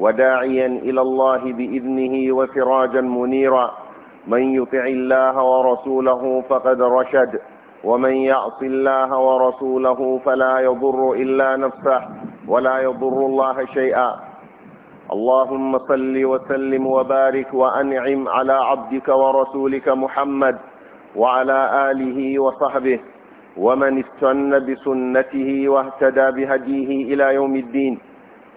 وداعيا إلى الله بإذنه وسراجا منيرا من يطع الله ورسوله فقد رشد ومن يعص الله ورسوله فلا يضر إلا نفسه ولا يضر الله شيئا اللهم صل وسلم وبارك وأنعم على عبدك ورسولك محمد وعلى آله وصحبه ومن استن بسنته واهتدى بهديه إلى يوم الدين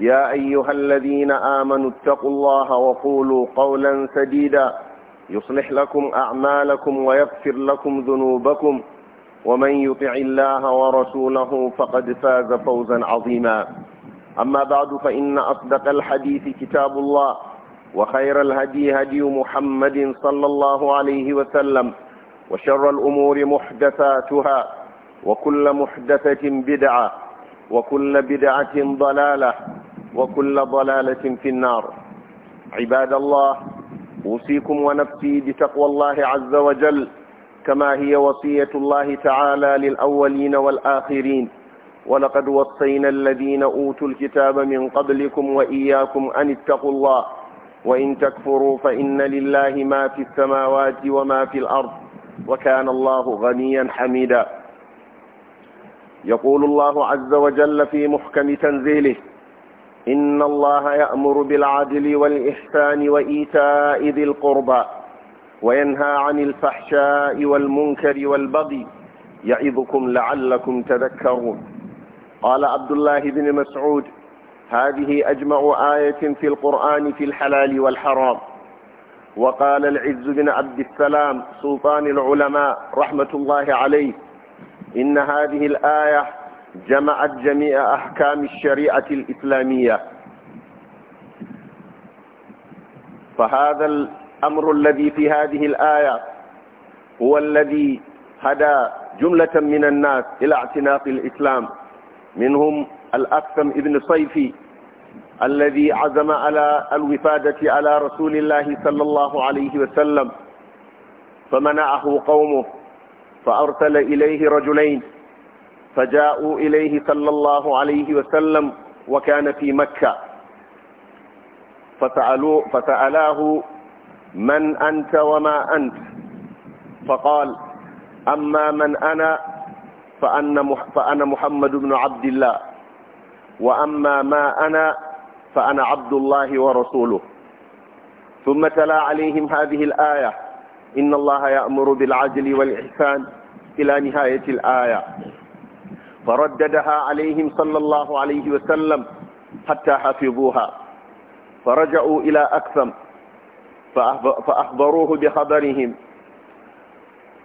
يا أيها الذين آمنوا اتقوا الله وقولوا قولا سديدا يصلح لكم أعمالكم ويغفر لكم ذنوبكم ومن يطع الله ورسوله فقد فاز فوزا عظيما أما بعد فإن أصدق الحديث كتاب الله وخير الهدي هدي محمد صلى الله عليه وسلم وشر الأمور محدثاتها وكل محدثة بدعة وكل بدعة ضلالة وكل ضلالة في النار عباد الله أوصيكم ونفسي بتقوى الله عز وجل كما هي وصية الله تعالى للأولين والآخرين ولقد وصينا الذين أوتوا الكتاب من قبلكم وإياكم أن اتقوا الله وإن تكفروا فإن لله ما في السماوات وما في الأرض وكان الله غنيا حميدا يقول الله عز وجل في محكم تنزيله إن الله يأمر بالعدل والإحسان وإيتاء ذي القربى وينهى عن الفحشاء والمنكر والبغي يعظكم لعلكم تذكرون قال عبد الله بن مسعود هذه أجمع آية في القرآن في الحلال والحرام وقال العز بن عبد السلام سلطان العلماء رحمة الله عليه إن هذه الآية جمعت جميع أحكام الشريعة الإسلامية فهذا الأمر الذي في هذه الآية هو الذي هدى جملة من الناس إلى اعتناق الإسلام منهم الأكثم ابن صيفي الذي عزم على الوفادة على رسول الله صلى الله عليه وسلم فمنعه قومه فأرسل إليه رجلين فجاءوا إليه صلى الله عليه وسلم وكان في مكة فسألوه فسألاه من أنت وما أنت فقال أما من أنا فأنا محمد بن عبد الله وأما ما أنا فأنا عبد الله ورسوله ثم تلا عليهم هذه الآية إن الله يأمر بالعدل والإحسان إلى نهاية الآية فرددها عليهم صلى الله عليه وسلم حتى حفظوها فرجعوا إلى أكثم فأخبروه بخبرهم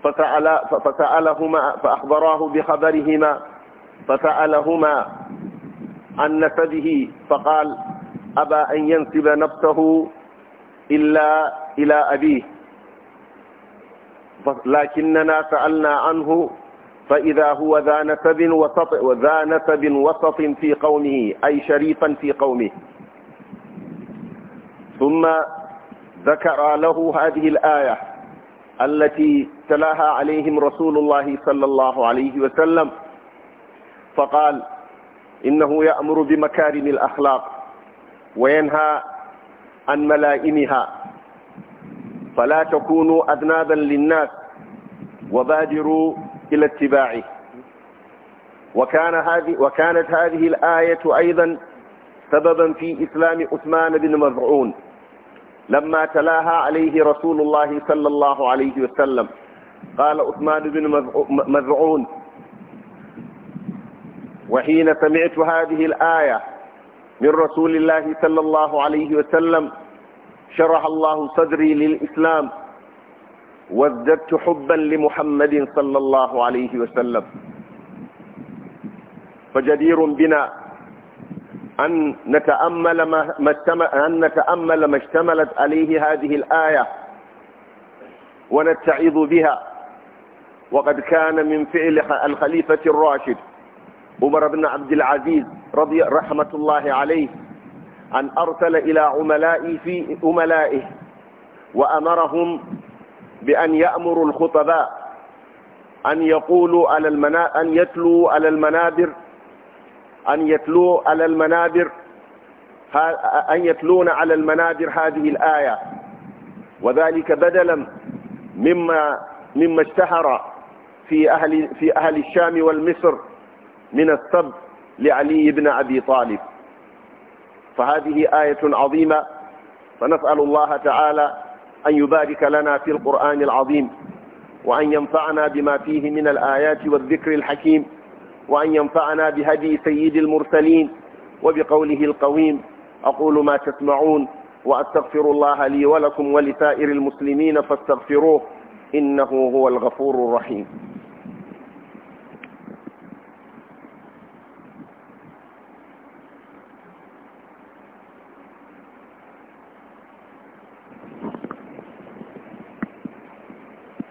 فسأل فسألهما فأخبراه بخبرهما فسألهما عن نسبه فقال أبى أن ينسب نفسه إلا إلى أبيه لكننا سألنا عنه فإذا هو ذا نسب وسط وذا نسب وسط في قومه أي شريفا في قومه ثم ذكر له هذه الآية التي تلاها عليهم رسول الله صلى الله عليه وسلم فقال إنه يأمر بمكارم الأخلاق وينهى عن ملائمها فلا تكونوا أذنابا للناس وبادروا إلى اتباعه وكان هذه وكانت هذه الآية أيضا سببا في إسلام عثمان بن مظعون لما تلاها عليه رسول الله صلى الله عليه وسلم قال عثمان بن مذعون وحين سمعت هذه الآية من رسول الله صلى الله عليه وسلم شرح الله صدري للإسلام وازددت حبا لمحمد صلى الله عليه وسلم فجدير بنا أن نتأمل ما, أن نتأمل ما اشتملت عليه هذه الآية ونتعظ بها وقد كان من فعل الخليفة الراشد عمر بن عبد العزيز رضي رحمة الله عليه أن أرسل إلى عملائه في عملائه وأمرهم بأن يأمروا الخطباء أن يقولوا على المنا... أن يتلوا على المنابر أن يتلوا على المنابر أن يتلون على المنابر هذه الآية وذلك بدلا مما مما اشتهر في أهل في أهل الشام والمصر من السب لعلي بن أبي طالب فهذه آية عظيمة فنسأل الله تعالى أن يبارك لنا في القرآن العظيم وأن ينفعنا بما فيه من الآيات والذكر الحكيم وأن ينفعنا بهدي سيد المرسلين وبقوله القويم أقول ما تسمعون وأستغفر الله لي ولكم ولسائر المسلمين فاستغفروه إنه هو الغفور الرحيم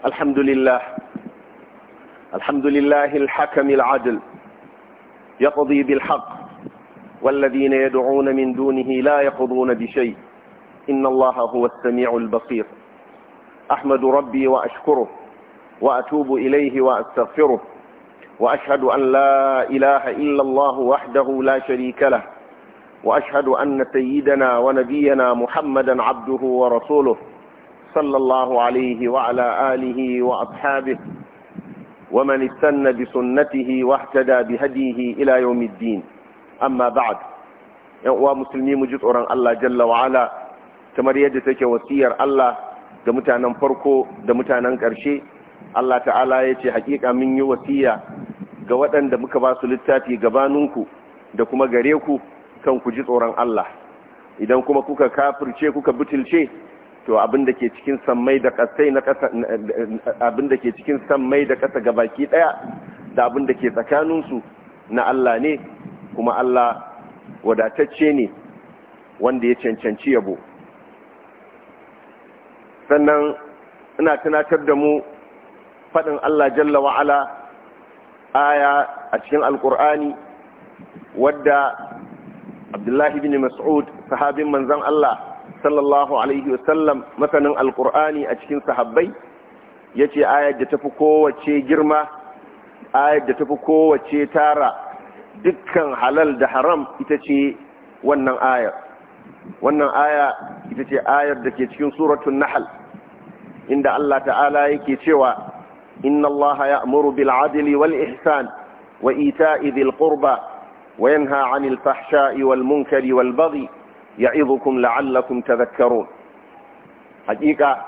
الحمد لله الحمد لله الحكم العدل يقضي بالحق والذين يدعون من دونه لا يقضون بشيء إن الله هو السميع البصير أحمد ربي وأشكره وأتوب إليه وأستغفره وأشهد أن لا إله إلا الله وحده لا شريك له وأشهد أن سيدنا ونبينا محمدا عبده ورسوله صلى الله عليه وعلى آله وأصحابه ومن استنى بسنته واحتدى بهديه إلى يوم الدين أما بعد ومسلمين مجدورا الله جل وعلا كما ريادتك وسير الله دمتانا فرقو دمتانا كرشي الله تعالى يتي حقيقة من يوسيا قوتا دمكبا سلتاتي قبانونكو دكما غريوكو كم كجدورا الله إذا كما كوكا كافر شيء كوكا بتل شيء to abin da ke cikin sammai da na ƙasa abin da ke cikin sammai da ƙasa baki ɗaya da abin da ke tsakaninsu na Allah ne kuma Allah wadatacce ne wanda ya cancanci yabo sannan ina tunatar da mu faɗin Allah jalla wa'ala aya a cikin alkur'ani wadda abdullahi bin mas'ud sahabin manzan Allah sallallahu alaihi wasallam masanin alkur'ani a cikin sahabbai ya ce ayar da tafi kowace girma ayar da tafi kowace tara dukkan halal da haram ita ce wannan ayar wannan aya ita ce ayar da ke cikin suratun nahal inda Allah ta'ala yake cewa inna Allah ya'muru bil adli wal ihsan wa ita'i dhil qurba wa yanha 'anil fahsha'i wal munkari wal baghi Ya ya'idukum la'allakum zakkaro. hakika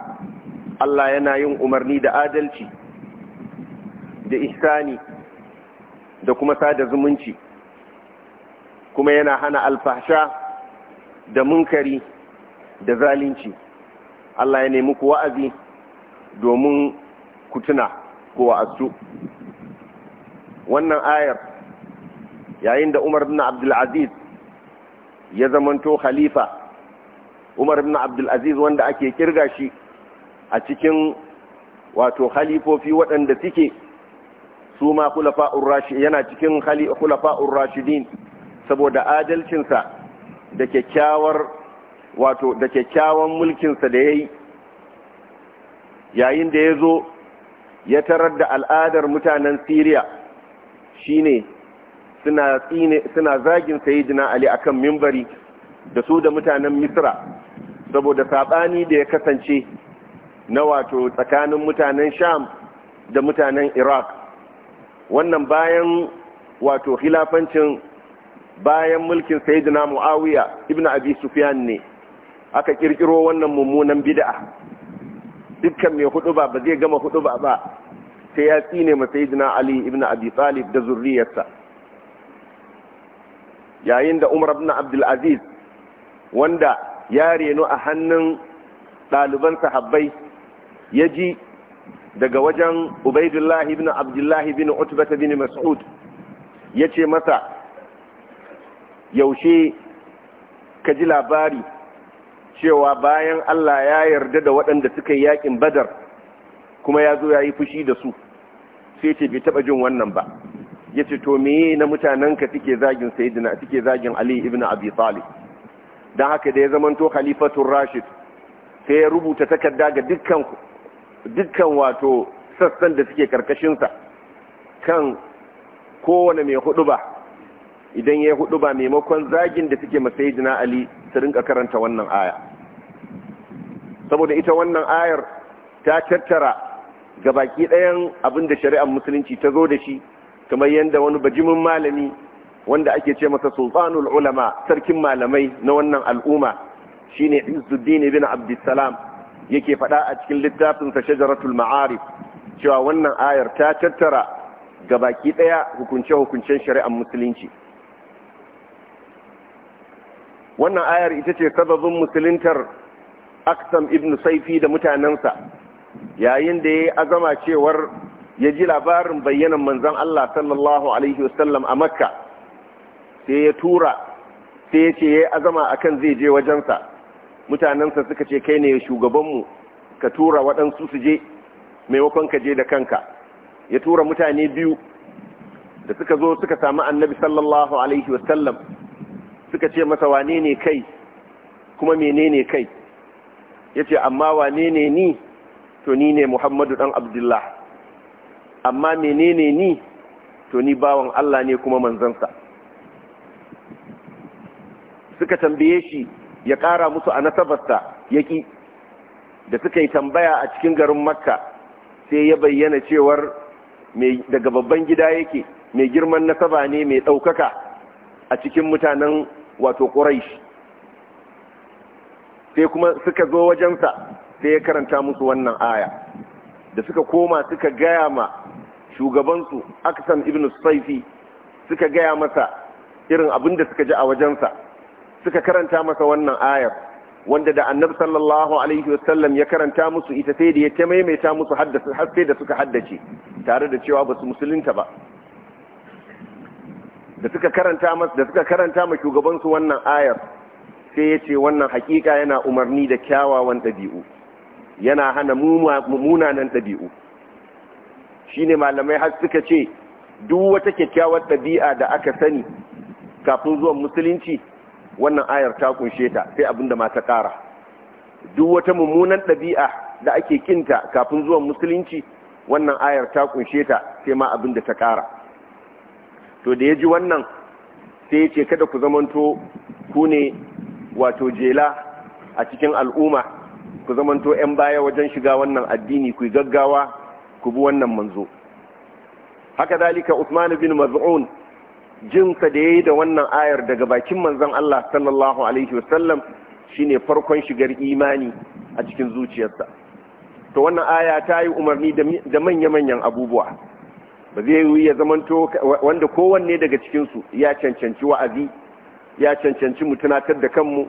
Allah yana yin umarni da adalci da ihsani da kuma sada zumunci kuma yana hana alfahsha da munkari da zalunci Allah ya nemi ku wa'azi domin kutuna ko wa'azu wannan ayar yayin da Umar bin Abdul Aziz ya zamanto khalifa umar ibn abdulaziz wanda ake kirga shi a cikin wato khalifofi waɗanda suke su ma khulafa'ur rashid yana cikin khulafa'ur rashidin saboda adalcinsa da kyakkyawar wato da kyakkyawan mulkinsa da yayi yayin da ya zo ya tarar da al'adar mutanen Siriya shine suna zagin sayyidina ali akan mimbari da su da mutanen misra saboda saɓani da ya kasance na wato tsakanin mutanen sham da mutanen iraq wannan bayan wato hilafancin bayan mulkin sayyidina muawiya Ibn abi sufyan ne aka kirkiro wannan mummunan bid'a dukkan mai hudu ba ba zai gama hudu ba ba sai ya tsine ma sayyidina ali Ibn abi talib da zurriyarsa yayin da umar abin abdulaziz wanda ya reno a hannun ɗaliban sahabbai ya ji daga wajen Ubaidullahi bin Abdullahi bin utubata bin mas'ud ya ce masa yaushe ka ji labari cewa bayan Allah ya yarda da waɗanda suka yi yaƙin badar kuma ya zo ya yi fushi da su sai ce bai taɓa jin wannan ba ya ce to meye na mutanenka suke zagin sayidina suke zagin ali ibn abi talib don haka da ya zamanto khalifatun rashid sai ya rubuta takarda ga dukkan wato sassan da suke karkashinsa kan kowane mai hudu idan ya hudu ba maimakon zagin da suke masayidina ali su rinka karanta wannan aya saboda ita wannan ayar ta tattara ga baki ɗayan abinda shari'ar musulunci ta zo da shi kamar yadda wani bajimin malami wanda ake ce masa sultanul ulama sarkin malamai na wannan al'umma shine Izzuddin ibn Abdussalam yake faɗa a cikin littafin sa Shajaratul Ma'arif cewa wannan ayar ta tattara ga baki daya hukunce-hukuncen shari'ar musulunci wannan ayar ita ce sababin musuluntar Aksam ibn Saifi da mutanensa yayin da ya azama cewar ya ji labarin bayyanan manzan Allah sallallahu alaihi wasallam a makka sai ya tura sai ya ce ya yi azama akan zai je wajensa mutanensa suka ce kai ne shugabanmu ka tura waɗansu su je maimakon ka je da kanka ya tura mutane biyu da suka zo suka sami annabi sallallahu alaihi wasallam suka ce masa wane ne kai kuma menene kai ya ce amma wane ne ni to ni ne muhammadu ɗan abdullah amma menene ni to ni bawan Allah ne kuma manzansa suka tambaye shi ya ƙara musu a nasabarsa yaƙi da suka yi tambaya a cikin garin makka sai ya bayyana cewar daga babban gida yake mai girman nasaba ne mai ɗaukaka a cikin mutanen wato ƙuraish sai kuma suka zo wajensa sai ya karanta musu wannan aya da suka koma suka gaya ma shugabansu aksan ibn saifi suka gaya masa irin abin da suka ji a wajensa suka karanta masa wannan ayar wanda da annabi sallallahu alaihi wasallam ya karanta musu ita sai da ya ta maimaita musu har sai da suka haddace tare da cewa ba su musulunta ba da suka karanta da suka karanta ma shugabansu wannan ayar sai ya ce wannan hakika yana umarni da kyawawan ɗabi'u yana hana munanan ɗabi'u shine malamai har suka ce duk wata kyakkyawar ɗabi'a da aka sani kafin zuwan musulunci wannan ayar ta kunshe ta sai abinda ma ta ƙara duk wata mummunan ɗabi'a da ake kinta kafin zuwan musulunci wannan ayar ta kunshe ta sai ma abinda ta ƙara to da ya ji wannan sai ya ce kada ku zamanto ku ne wato jela a cikin al'umma ku zamanto ƴan baya wajen shiga wannan addini ku gaggawa ku bi wannan manzo haka dalika Usman bin Maz'un jinsa da yayi da wannan ayar daga bakin manzon Allah sallallahu alaihi wasallam shine farkon shigar imani a cikin zuciyarsa to wannan aya ta yi umarni da manya-manyan abubuwa ba zai yi ya zamanto wanda kowanne daga cikinsu ya cancanci wa'azi ya cancanci mu da kanmu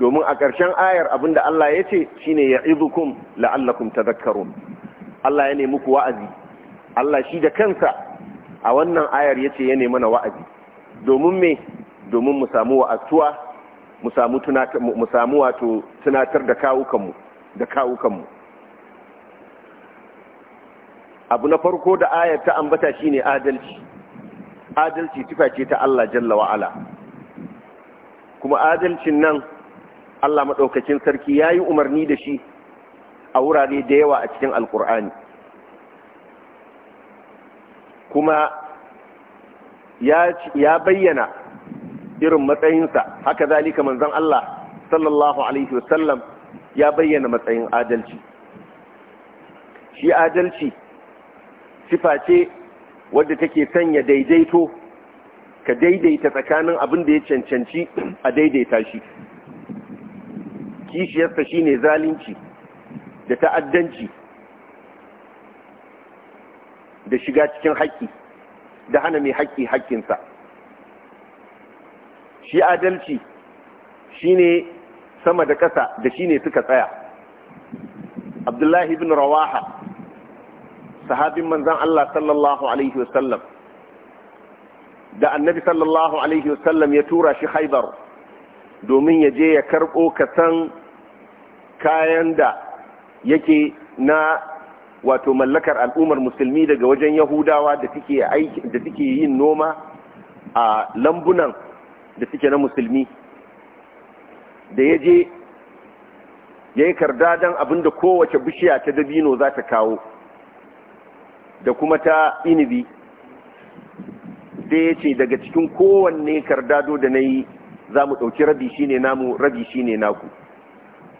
domin a ƙarshen ayar abinda Allah ya ce shine ya izukum la'allakum tadhakkarun Allah ya nemi ku wa'azi Allah shi da kansa a wannan ayar ya ce ya nemi mana wa'azi domin me domin mu samu mu samu wato tunatar da kawukanmu da kawukanmu abu na farko da ayar ta ambata shine adalci adalci tufa ce ta Allah jalla wa'ala kuma adalcin nan Allah maɗaukacin sarki ya yi umarni da shi a wurare da yawa a cikin alkur'ani kuma ya bayyana irin matsayinsa haka zalika manzon Allah sallallahu alaihi wasallam ya bayyana matsayin adalci shi adalci sifa ce wadda take sanya daidaito ka daidaita tsakanin abin da ya cancanci a daidaita shi kishiyarsa shi ne zalunci da ta'addanci da shiga cikin haƙƙi da hana mai haƙƙi haƙƙinsa shi adalci shine sama da ƙasa da shine suka tsaya abdullahi bin rawaha sahabin manzan Allah sallallahu alaihi wasallam da annabi sallallahu alaihi wasallam ya tura shi haibar domin ya je ya karɓo kasan kayan da yake na wato mallakar al'ummar musulmi daga wajen yahudawa da suke yin noma a lambunan da suke na musulmi da ya je ya yi kardadan abinda kowace bishiya ta dabino za ta kawo da kuma ta inibi sai ya ce daga cikin kowanne kardado da na yi za mu ɗauki rabi shine namu rabi shine naku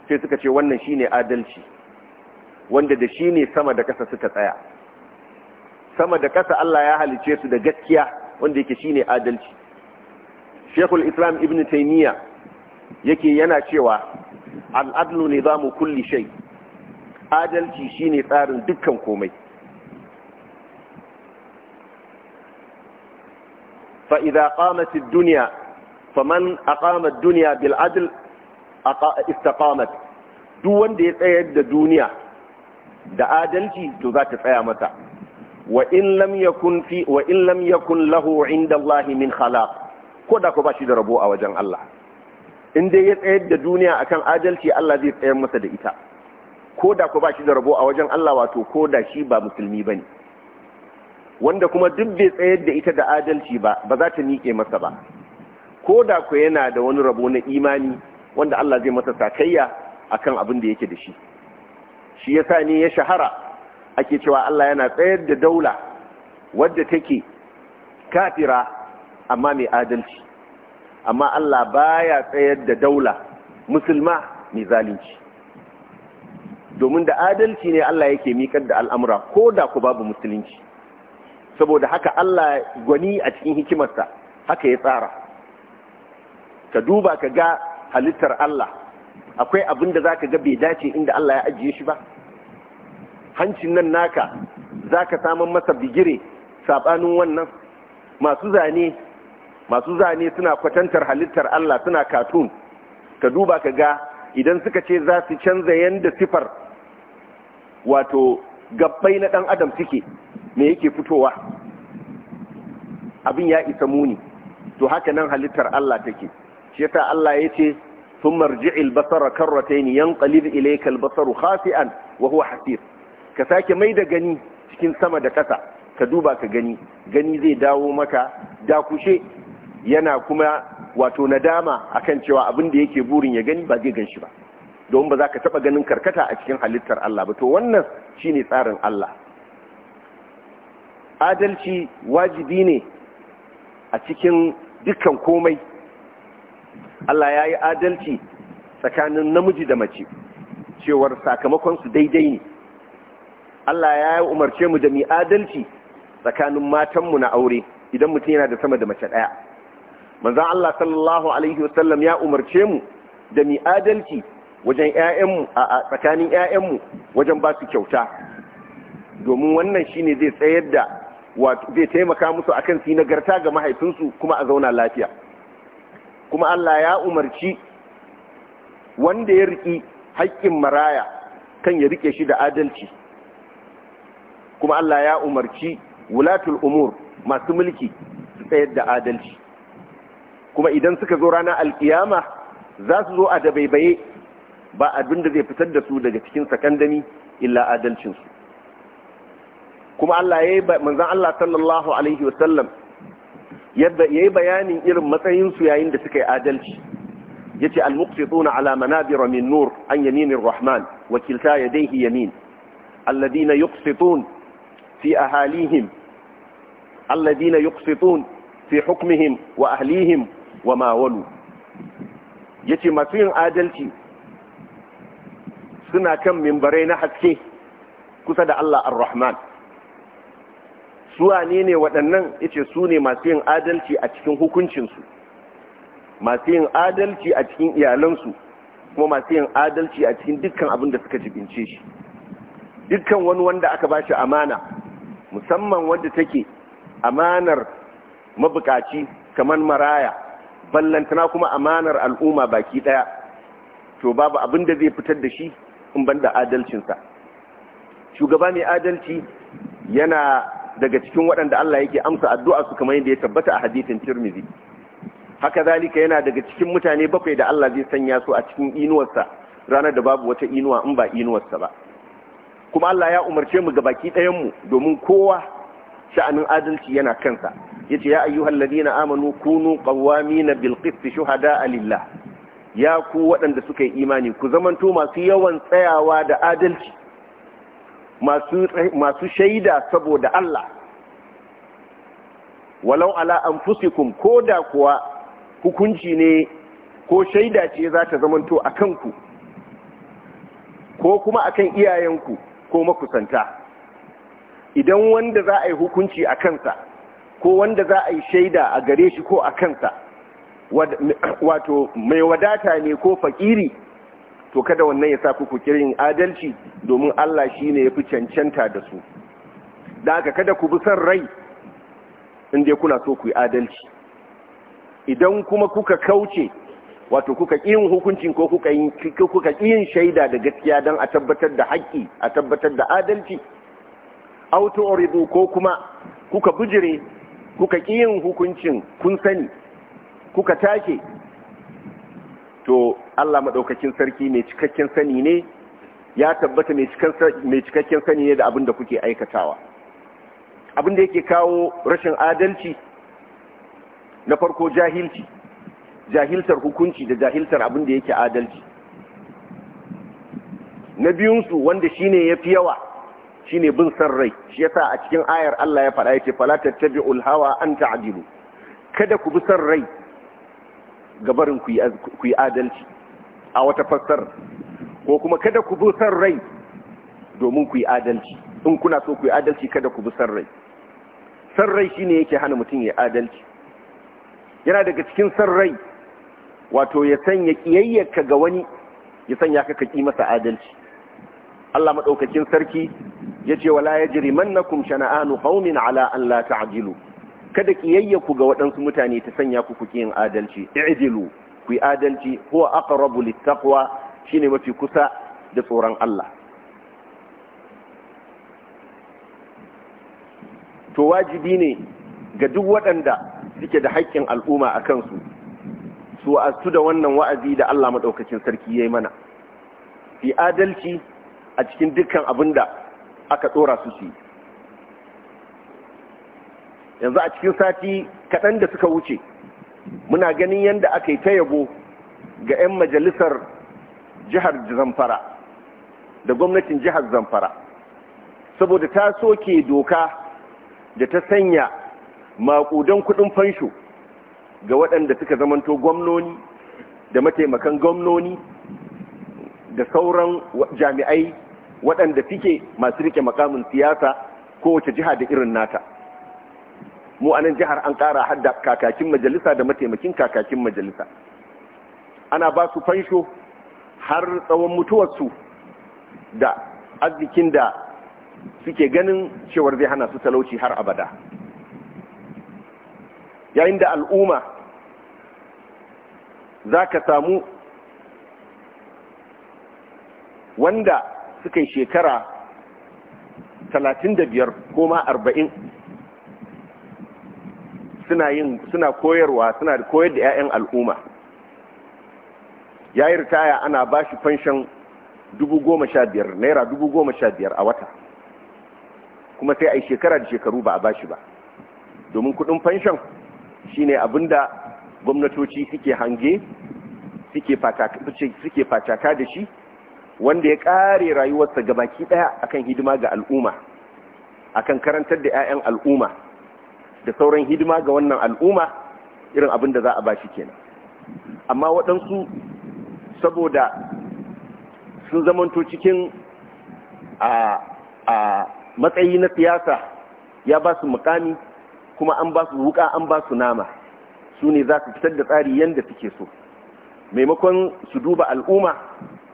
sai suka ce wannan shine adalci wanda da shi ne sama da ƙasa suka tsaya sama da ƙasa Allah ya halice su da gaskiya wanda yake ne adalci Shekul Islam Ibn Taymiyyah yake yana cewa ne za mu kulli shai, adalci shine tsarin dukkan komai fa idza duniya ad-dunya faman aqama ad-dunya a adl istaqamat duk wanda ya tsayar da duniya da adalci to za ta tsaya mata wa in lam yakun in lahu inda Allah min khala ko da ko ba shi da rabo a wajen Allah in dai ya tsayar da duniya akan adalci Allah zai tsayar masa da ita ko da ko ba shi da rabo a wajen Allah wato ko da shi ba musulmi ba ne, wanda kuma duk bai tsayar da ita da adalci ba ba za ta miƙe masa ba ko da ku yana da wani rabo na imani wanda Allah zai masa sakayya akan abin da yake da shi shi yasa ne ya shahara ake cewa Allah yana tsayar da daula wadda take kafira amma mai adalci amma Allah baya tsayar da daula musulma mai zalunci domin da adalci ne Allah yake mikar da al'amura ko da ku babu musulunci saboda haka Allah gwani a cikin hikimarsa haka ya tsara ka duba ka ga halittar Allah akwai abin da za ka ga bai dace inda Allah ya ajiye shi ba hancin nan naka zaka ka samun masa bigire sabanin wannan masu zane masu zane suna kwatantar halittar Allah suna katun ka duba ka ga idan suka ce za su canza yadda sifar wato gabbai na ɗan adam suke me yake fitowa abin ya isa muni to haka nan halittar Allah take shi yasa Allah ya ce sun marji'il basara karrataini yanqalib ilayka albasaru basaru khasi'an wa huwa hasir ka sake mai da gani cikin sama da ƙasa ka duba ka gani gani zai dawo maka dakushe yana kuma wato nadama akan cewa abin da yake burin ya gani ba zai gan shi ba don ba za ka taɓa ganin karkata a cikin halittar Allah ba to wannan shine tsarin Allah adalci wajibi ne a cikin dukkan komai Allah ya yi adalci tsakanin namiji da mace cewar sakamakonsu daidai ne Allah ya umarce mu da mi adalci tsakanin matanmu na aure idan mutum yana da sama da mace ɗaya manzan Allah sallallahu alaihi wasallam ya umarce mu da mi adalci wajen ƴaƴanmu a tsakanin ƴaƴanmu wajen ba su kyauta domin wannan shi ne zai tsayar da zai taimaka musu a akan na garta ga mahaifinsu kuma a zauna lafiya kuma Allah ya umarci wanda ya riki haƙƙin maraya kan ya riƙe shi da adalci kuma Allah ya umarci wulatul umur masu mulki su tsayar da adalci kuma idan suka zo rana alkiyama za su zo a dabaibaye ba abin da zai fitar da su daga cikin sakandami illa adalcinsu kuma Allah ya yi manzan Allah sallallahu Alaihi wasallam ya yi bayanin irin matsayinsu yayin da suka yi adalci ya ce almuqsituna ala manabira Biramin nur an yaminin rahman wakilta ya daihi yamin alladina yuqsitun في أهاليهم الذين يقسطون في حكمهم وأهليهم وما ولوا yace masu yin adalci suna kan mimbarai na haske kusa da Allah ar-Rahman suwa ne ne waɗannan yace su ne masu yin adalci a cikin hukuncinsu masu yin adalci a cikin iyalansu kuma masu yin adalci a cikin dukkan abinda suka jibince shi dukkan wani wanda aka ba shi amana musamman wadda take amanar mabukaci kamar maraya ballantana kuma amanar al'umma baki daya to babu abin da zai fitar da shi in banda adalcinsa shugaba mai adalci yana daga cikin waɗanda Allah yake amsa addu'a su kamar yadda ya tabbata a hadithin Tirmidhi haka zalika yana daga cikin mutane bakwai da Allah zai sanya su a cikin inuwarsa ranar da babu wata inuwa in ba inuwarsa ba kuma Allah ya umarce mu ga baki ɗayan mu domin kowa sha'anin adalci yana kansa Ya ce ya ayyuhal ladina amanu kunu qawwamina na qist shuhada lillah ya ku waɗanda suka yi imani ku zamanto masu yawan tsayawa da adalci masu shaida saboda Allah walau ala anfusikum da kuwa hukunci ne ko shaida ce za ta zamanto a kanku ko kuma akan iyayenku ko makusanta idan wanda za a yi hukunci a kansa ko wanda za a yi shaida a gare shi ko a kansa wato mai wadata ne ko fakiri to kada wannan ya sa kuku kirin adalci domin Allah shi ne ya fi cancanta da su da aka kada ku bi son rai inda kuna so ku yi adalci idan kuma kuka kauce wato kuka yin hukuncin ko kuka yin kuka yin shaida da gaskiya dan a tabbatar da haƙƙi a tabbatar da adalci aw tu'ridu ko kuma kuka bujire kuka yin hukuncin kun sani kuka take to Allah madaukakin sarki mai cikakken sani ne ya tabbata mai cikakken sani ne da abin da kuke aikatawa abin da yake kawo rashin adalci na farko jahilci jahiltar hukunci da jahiltar abin da yake adalci na biyunsu wanda shi ne ya fi yawa shi ne bin san rai shi yasa a cikin ayar Allah ya faɗa yake falatar tabi Ulhawa an ta'dilu kada ku bi san rai gabarin ku yi adalci a wata fassar ko kuma kada ku bi san rai domin ku yi adalci in kuna so ku yi adalci kada ku bi san rai san rai shi ne yake hana mutum ya adalci yana daga cikin san rai wato ya sanya kiyayyarka ga wani ya sanya ka kaki masa adalci Allah madaukakin sarki yace wala yajrimannakum shana'anu qaumin ala an la ta'dilu kada kiyayyaku ga waɗansu mutane ta sanya ku yin adalci i'dilu ku yi adalci huwa aqrabu littaqwa shine mafi kusa da tsoron Allah to wajibi ne ga duk waɗanda suke da haƙƙin al'umma a kansu su su da wannan wa'azi da Allah maɗaukacin sarki ya yi mana fi adalci a cikin dukkan abin da aka tsora su su yanzu a cikin sati kaɗan da suka wuce muna ganin yadda aka yi ta yabo ga 'yan majalisar jihar zamfara da gwamnatin jihar zamfara saboda ta soke doka da ta sanya maƙudan kuɗin fansho ga waɗanda suka zamanto gwamnoni da mataimakan gwamnoni da sauran jami'ai waɗanda suke masu rike makamin siyasa kowace jiha da irin nata mu anan jihar an ƙara hadda kakakin majalisa da mataimakin kakakin majalisa ana ba su fansho har tsawon mutuwarsu da arzikin da suke ganin cewar zai hana su talauci har abada yayin da al'umma za ka samu wanda suka yi shekara 35 ko ma 40 suna yin suna koyarwa suna koyar da 'ya'yan al'umma ya yi ritaya ana ba shi fanshin 15,000 naira 15,000 a wata kuma sai a yi shekara da shekaru ba a ba shi ba domin kudin fanshin shine da gwamnatoci suke hange suke fataka da shi wanda ya kare rayuwarsa ga baki daya akan hidima ga al'umma akan karantar da 'ya'yan al'umma da sauran hidima ga wannan al'umma irin abin da za a ba shi kenan amma waɗansu saboda sun zamanto cikin a matsayi na siyasa ya ba su mukami kuma an ba su wuka an ba su nama su ne za su fitar da tsari yadda suke so maimakon su duba al'umma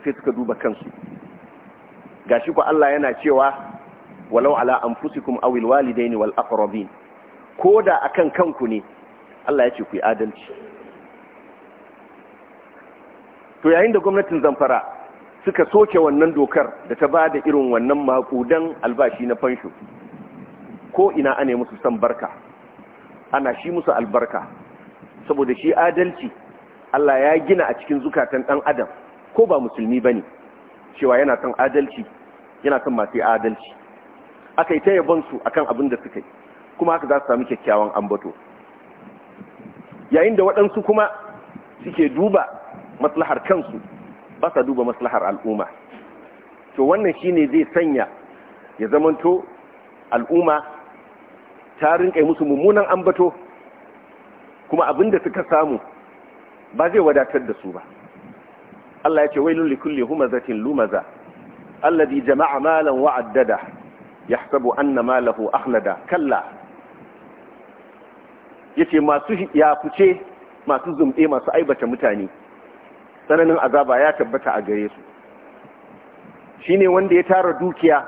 sai suka duba kansu Ga shi ku Allah yana cewa walau ala kuma awil walidaini wal wal'afarobin ko da akan kanku ne Allah ya ce ku yi adalci to yayin da gwamnatin Zamfara suka soke wannan dokar da ta ba da irin wannan makudan albashi na fansho ko ina ane musu san barka ana shi musu albarka saboda shi adalci Allah ya gina a cikin zukatan ɗan adam ko ba musulmi ba ne cewa yana son adalci yana son masu adalci aka yi ta yabonsu a kan abin da suka yi kuma haka za su sami kyakkyawan ambato yayin da waɗansu kuma suke duba maslahar kansu ba sa duba maslahar al'umma to wannan shi ne zai sanya ya zamanto al'umma ta rinka musu mummunan ambato kuma abinda suka samu ba zai wadatar da su ba Allah ya ce wai wailul likulli humazatin lumaza alladhi jama'a malan wa addada yahsabu anna malahu akhlada kalla yace masu ya fice masu zumbe masu aibata mutane tsananin azaba ya tabbata a gare su shine wanda ya tara dukiya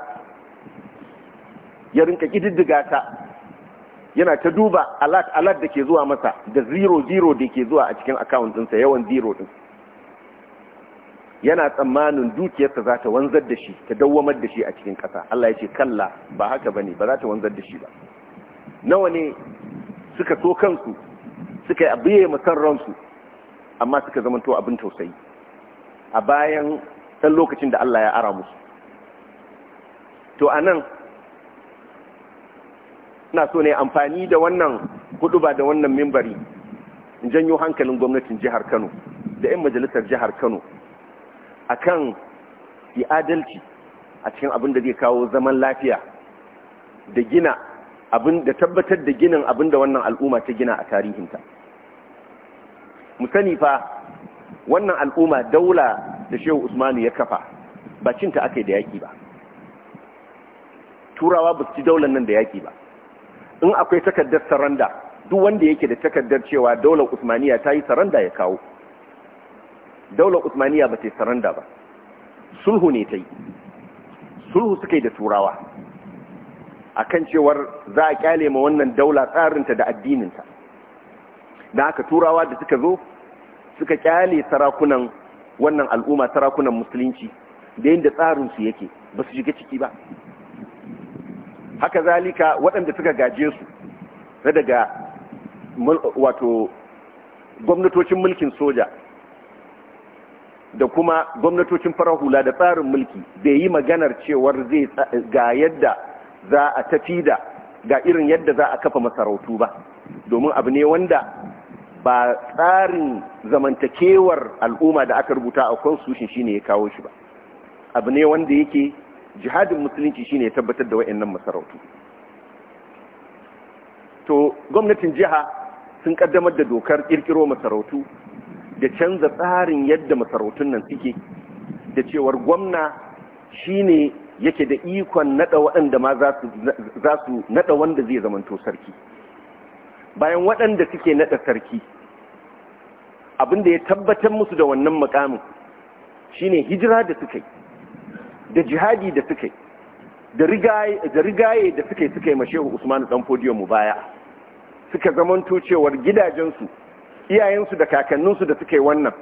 ya rinka kididdiga ta yana ta duba alat alat da ke zuwa masa da zero zero da ke zuwa a cikin account ɗinsa yawan zero ɗin yana tsammanin dukiyarsa za ta wanzar da shi ta dawwamar da shi a cikin ƙasa Allah ya ce kalla ba haka bane ba za ta wanzar da shi ba nawa ne suka so kansu suka yi abiye masan ransu amma suka zamanto abin tausayi a bayan ɗan lokacin da Allah ya ara musu to anan ina so ne amfani da wannan hudu ba da wannan mimbari in janyo hankalin gwamnatin jihar Kano da 'yan majalisar jihar Kano akan yi adalci a cikin abin da zai kawo zaman lafiya da gina abin da tabbatar da ginin abin da wannan al'umma ta gina a tarihinta mu fa wannan al'umma daula da shehu usmanu ya kafa ba cinta aka yi da yaƙi ba turawa ba su ci daular nan da yaƙi ba in akwai takardar saranda duk wanda yake da takardar cewa daular usmaniya ta yi saranda ya kawo daular usmaniya ba ta yi saranda ba sulhu ne ta yi sulhu suka yi da turawa a kan cewar za a kyale ma wannan daula tsarinta da addininta da aka turawa da suka zo suka kyale sarakunan wannan al'umma sarakunan musulunci da yin da tsarinsu yake ba su shiga ciki ba haka zalika waɗanda suka gaje su na daga wato gwamnatocin mulkin soja da kuma gwamnatocin farar hula da tsarin mulki bai yi maganar cewar zai ga yadda za a tafi da ga irin yadda za a kafa masarautu ba domin abu ne wanda ba tsarin zamantakewar al'umma da aka rubuta a kwan shi ne ya kawo shi ba abu ne wanda yake jihadin musulunci shine ya tabbatar da wayannan masarautu to gwamnatin jiha sun kaddamar da dokar kirkiro masarautu da canza tsarin yadda masarautun nan suke da cewar gwamna shine yake da ikon nada waɗanda ma za su nada wanda zai zamanto sarki bayan waɗanda suke nada sarki abinda ya tabbatar musu da wannan mukamin shine hijira da suka yi da jihadi da suke da rigaye da suke suke shehu Usman mashehu usmanu dan fodiyo mu baya suka zamanto cewar gidajensu iyayensu da kakanninsu da suke wannan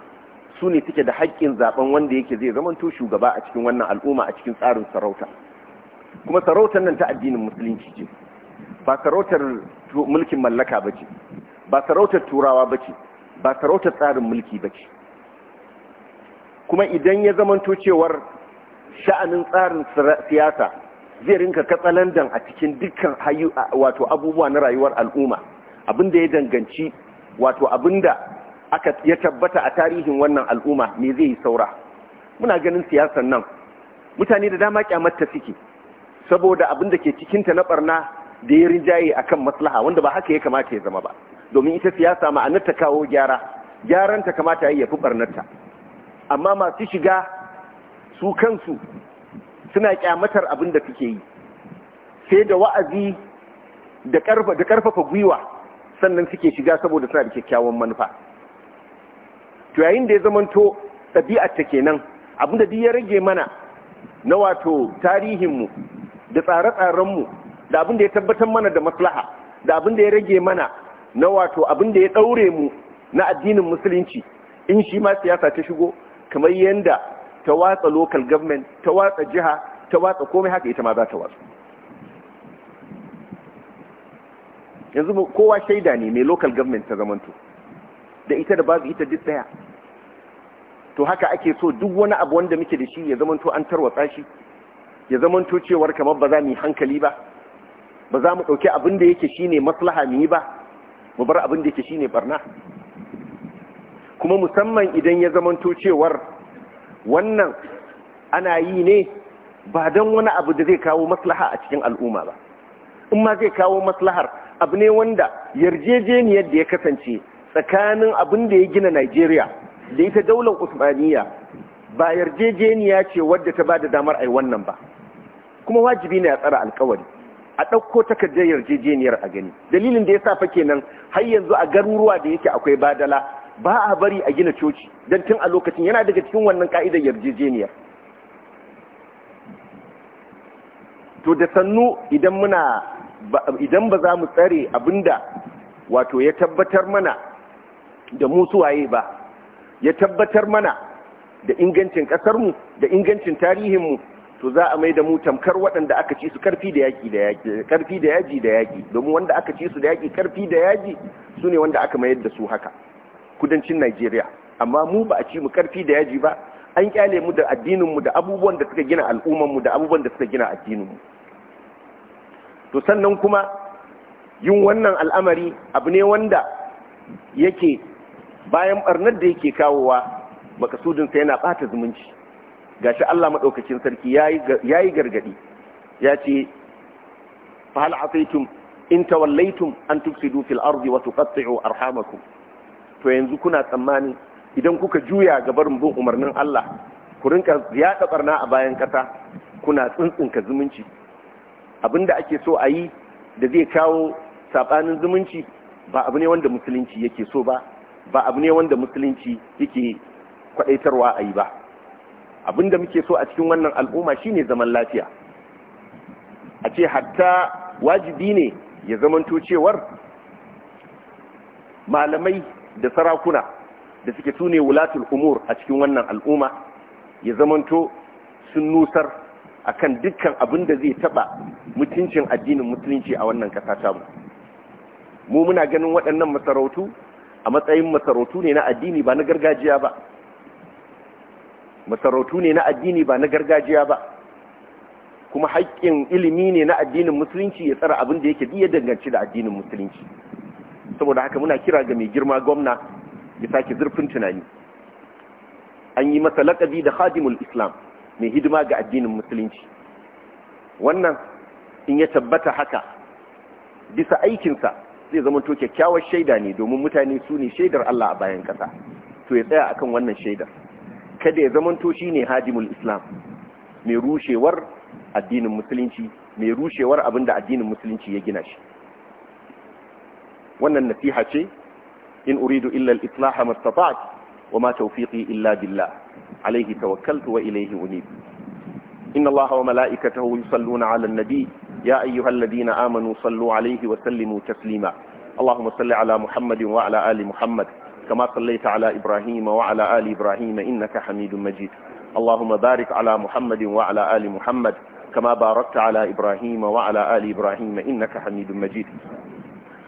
su ne suke da haƙƙin zaben wanda yake zai zamanto shugaba a cikin wannan al'umma a cikin tsarin sarauta kuma sarautar nan ta addinin musulunci ce ba sarautar mulkin mallaka ba ce ba sarautar turawa ba ce ba sarautar tsarin mulki ba ce kuma idan ya zamanto cewar sha'anin tsarin siyasa zai rinka katsalandan a cikin dukkan wato abubuwa na rayuwar al'umma abinda ya danganci wato abinda aka ya tabbata a tarihin wannan al'umma me zai yi saura muna ganin siyasan nan mutane da dama kyamarta suke saboda abin da ke cikinta na barna da ya rinjaye kan maslaha wanda ba haka ya kamata ya zama ba domin ita siyasa ma'anar ta kawo gyara gyaran ta kamata ya fi barnarta amma masu shiga su kansu suna kyamatar abin da suke yi sai da wa'azi da ƙarfafa gwiwa sannan suke shiga saboda suna da kyakkyawan manufa to yayin da ya zamanto ɗabi'ar ta kenan abin da duk ya rage mana na wato tarihinmu da tsare-tsarenmu da abin da ya tabbatar mana da maslaha da abin da ya rage mana na wato abin da ya ɗaure mu na addinin musulunci in shi ma siyasa ta shigo kamar yadda ta watsa local government ta watsa jiha ta watsa komai haka ita ma za ta watsa yanzu kowa shaida ne mai local government ta zamantu. da ita da babu ita duk daya to haka ake so duk wani abu wanda muke da shi ya zamanto an tarwatsa shi ya zamanto cewar kamar ba za mu yi hankali ba ba za mu ɗauki abin da yake shi ne maslaha mu yi ba mu bar abin da yake shi ne barna kuma musamman idan ya zamanto cewar wannan ana yi ne ba don wani abu da zai kawo maslaha a cikin al'umma ba in ma zai kawo maslahar abu ne wanda yarjejeniyar da ya kasance tsakanin abin da ya gina Najeriya da ita daular Usmaniya ba yarjejeniya ce wadda ta ba da damar ai wannan ba kuma wajibi ne a tsara alkawari a ɗauko takardar yarjejeniyar a gani dalilin da ya sa fa kenan har yanzu a garuruwa da yake akwai badala ba a bari a gina coci don tun a lokacin yana daga cikin wannan ka'idar yarjejeniyar to da sannu idan muna idan ba za mu tsare abin da wato ya tabbatar mana da musu waye ba ya tabbatar mana da ingancin ƙasarmu da ingancin tarihinmu to za a mai da mu tamkar waɗanda aka ci su karfi da yaƙi da yaƙi karfi da yaji da yaƙi domin wanda aka ci su da yaƙi karfi da yaji su ne wanda aka mayar da su haka kudancin Najeriya amma mu ba a ci mu karfi da yaji ba an kyale mu da addinin mu da abubuwan da suka gina al'umman mu da abubuwan da suka gina addinin mu to sannan kuma yin wannan al'amari abu ne wanda yake bayan barnar da yake kawowa makasudin sa yana bata zumunci gashi Allah madaukakin sarki yayi yayi gargadi ya ce fa hal asaytum in tawallaitum an tufsidu fil ardi wa tuqatti'u arhamakum to yanzu kuna tsammanin idan kuka juya ga bin umarnin Allah ku rinka yaɗa barna a bayan ƙasa kuna tsintsinka zumunci abinda ake so a yi da zai kawo saɓanin zumunci ba abu ne wanda musulunci yake so ba ba abu ne wanda musulunci yake kwaɗaitarwa a yi ba abinda muke so a cikin wannan al'umma shine zaman lafiya a ce hatta wajibi ne ya zamanto cewar malamai da sarakuna da suke sune wulatul umur a cikin wannan al'umma ya zamanto sun nusar kan dukkan abin da zai taba mutuncin addinin musulunci a wannan kasa tamu mu muna ganin waɗannan masarautu a matsayin masarautu ne na addini ba na gargajiya ba masarautu ne na addini ba na gargajiya ba kuma haƙƙin ilimi ne na addinin musulunci ya tsara abin da yake ya danganci da addinin musulunci saboda haka muna kira ga mai girma gwamna ya sake zurfin tunani an yi masa laƙabi da hadimul islam mai hidima ga addinin musulunci wannan in ya tabbata haka bisa aikinsa zai zama to kyakkyawar shaida ne domin mutane su ne shaidar Allah a bayan kasa, to ya tsaya akan wannan shaidar kada ya zama to shine hadimul islam mai rushewar addinin musulunci mai rushewar abinda addinin musulunci ya gina shi wannan nasiha ce in uridu illa al-islaha mastata'tu wa ma tawfiqi illa billah alayhi tawakkaltu wa ilayhi unib inna allaha wa mala'ikatahu yusalluna 'ala an nabi ya ayyuhalladhina amanu sallu 'alayhi wa sallimu taslima allahumma salli 'ala muhammadin wa 'ala ali muhammad kama sallaita 'ala على wa 'ala ali إبراهيم innaka hamidum majid اللهم بارك على محمد وعلى آل محمد كما باركت على إبراهيم وعلى آل إبراهيم إنك حميد مجيد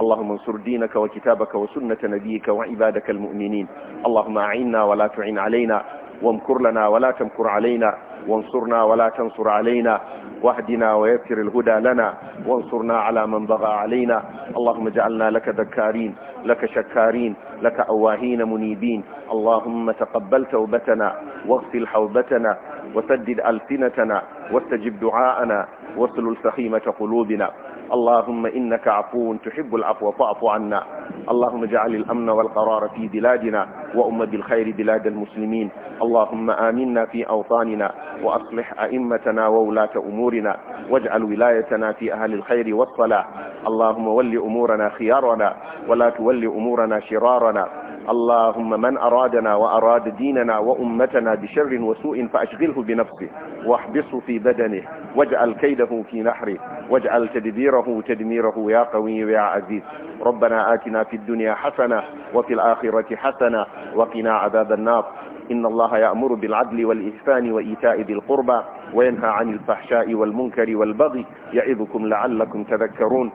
اللهم انصر دينك وكتابك وسنة نبيك وعبادك المؤمنين اللهم أعنا ولا تعن علينا وامكر لنا ولا تمكر علينا وانصرنا ولا تنصر علينا واهدنا ويسر الهدى لنا وانصرنا على من بغى علينا اللهم اجعلنا لك ذكارين لك شكارين لك أواهين منيبين اللهم تقبل توبتنا واغسل حوبتنا وسدد ألسنتنا واستجب دعاءنا واسلل سخيمة قلوبنا اللهم إنك عفو تحب العفو فاعف عنا اللهم اجعل الأمن والقرار في بلادنا وأمة الخير بلاد المسلمين اللهم آمنا في أوطاننا وأصلح أئمتنا وولاة أمورنا واجعل ولايتنا في أهل الخير والصلاح اللهم ول أمورنا خيارنا ولا تول أمورنا شرارنا اللهم من أرادنا وأراد ديننا وأمتنا بشر وسوء فأشغله بنفسه واحبسه في بدنه واجعل كيده في نحره واجعل تدبيره تدميره يا قوي يا عزيز ربنا آتنا في الدنيا حسنة وفي الآخرة حسنة وقنا عذاب النار إن الله يأمر بالعدل والإحسان وإيتاء ذي القربى وينهى عن الفحشاء والمنكر والبغي يعظكم لعلكم تذكرون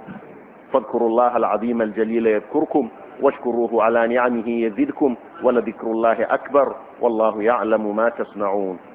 فاذكروا الله العظيم الجليل يذكركم واشكروه على نعمه يزدكم ولذكر الله أكبر والله يعلم ما تصنعون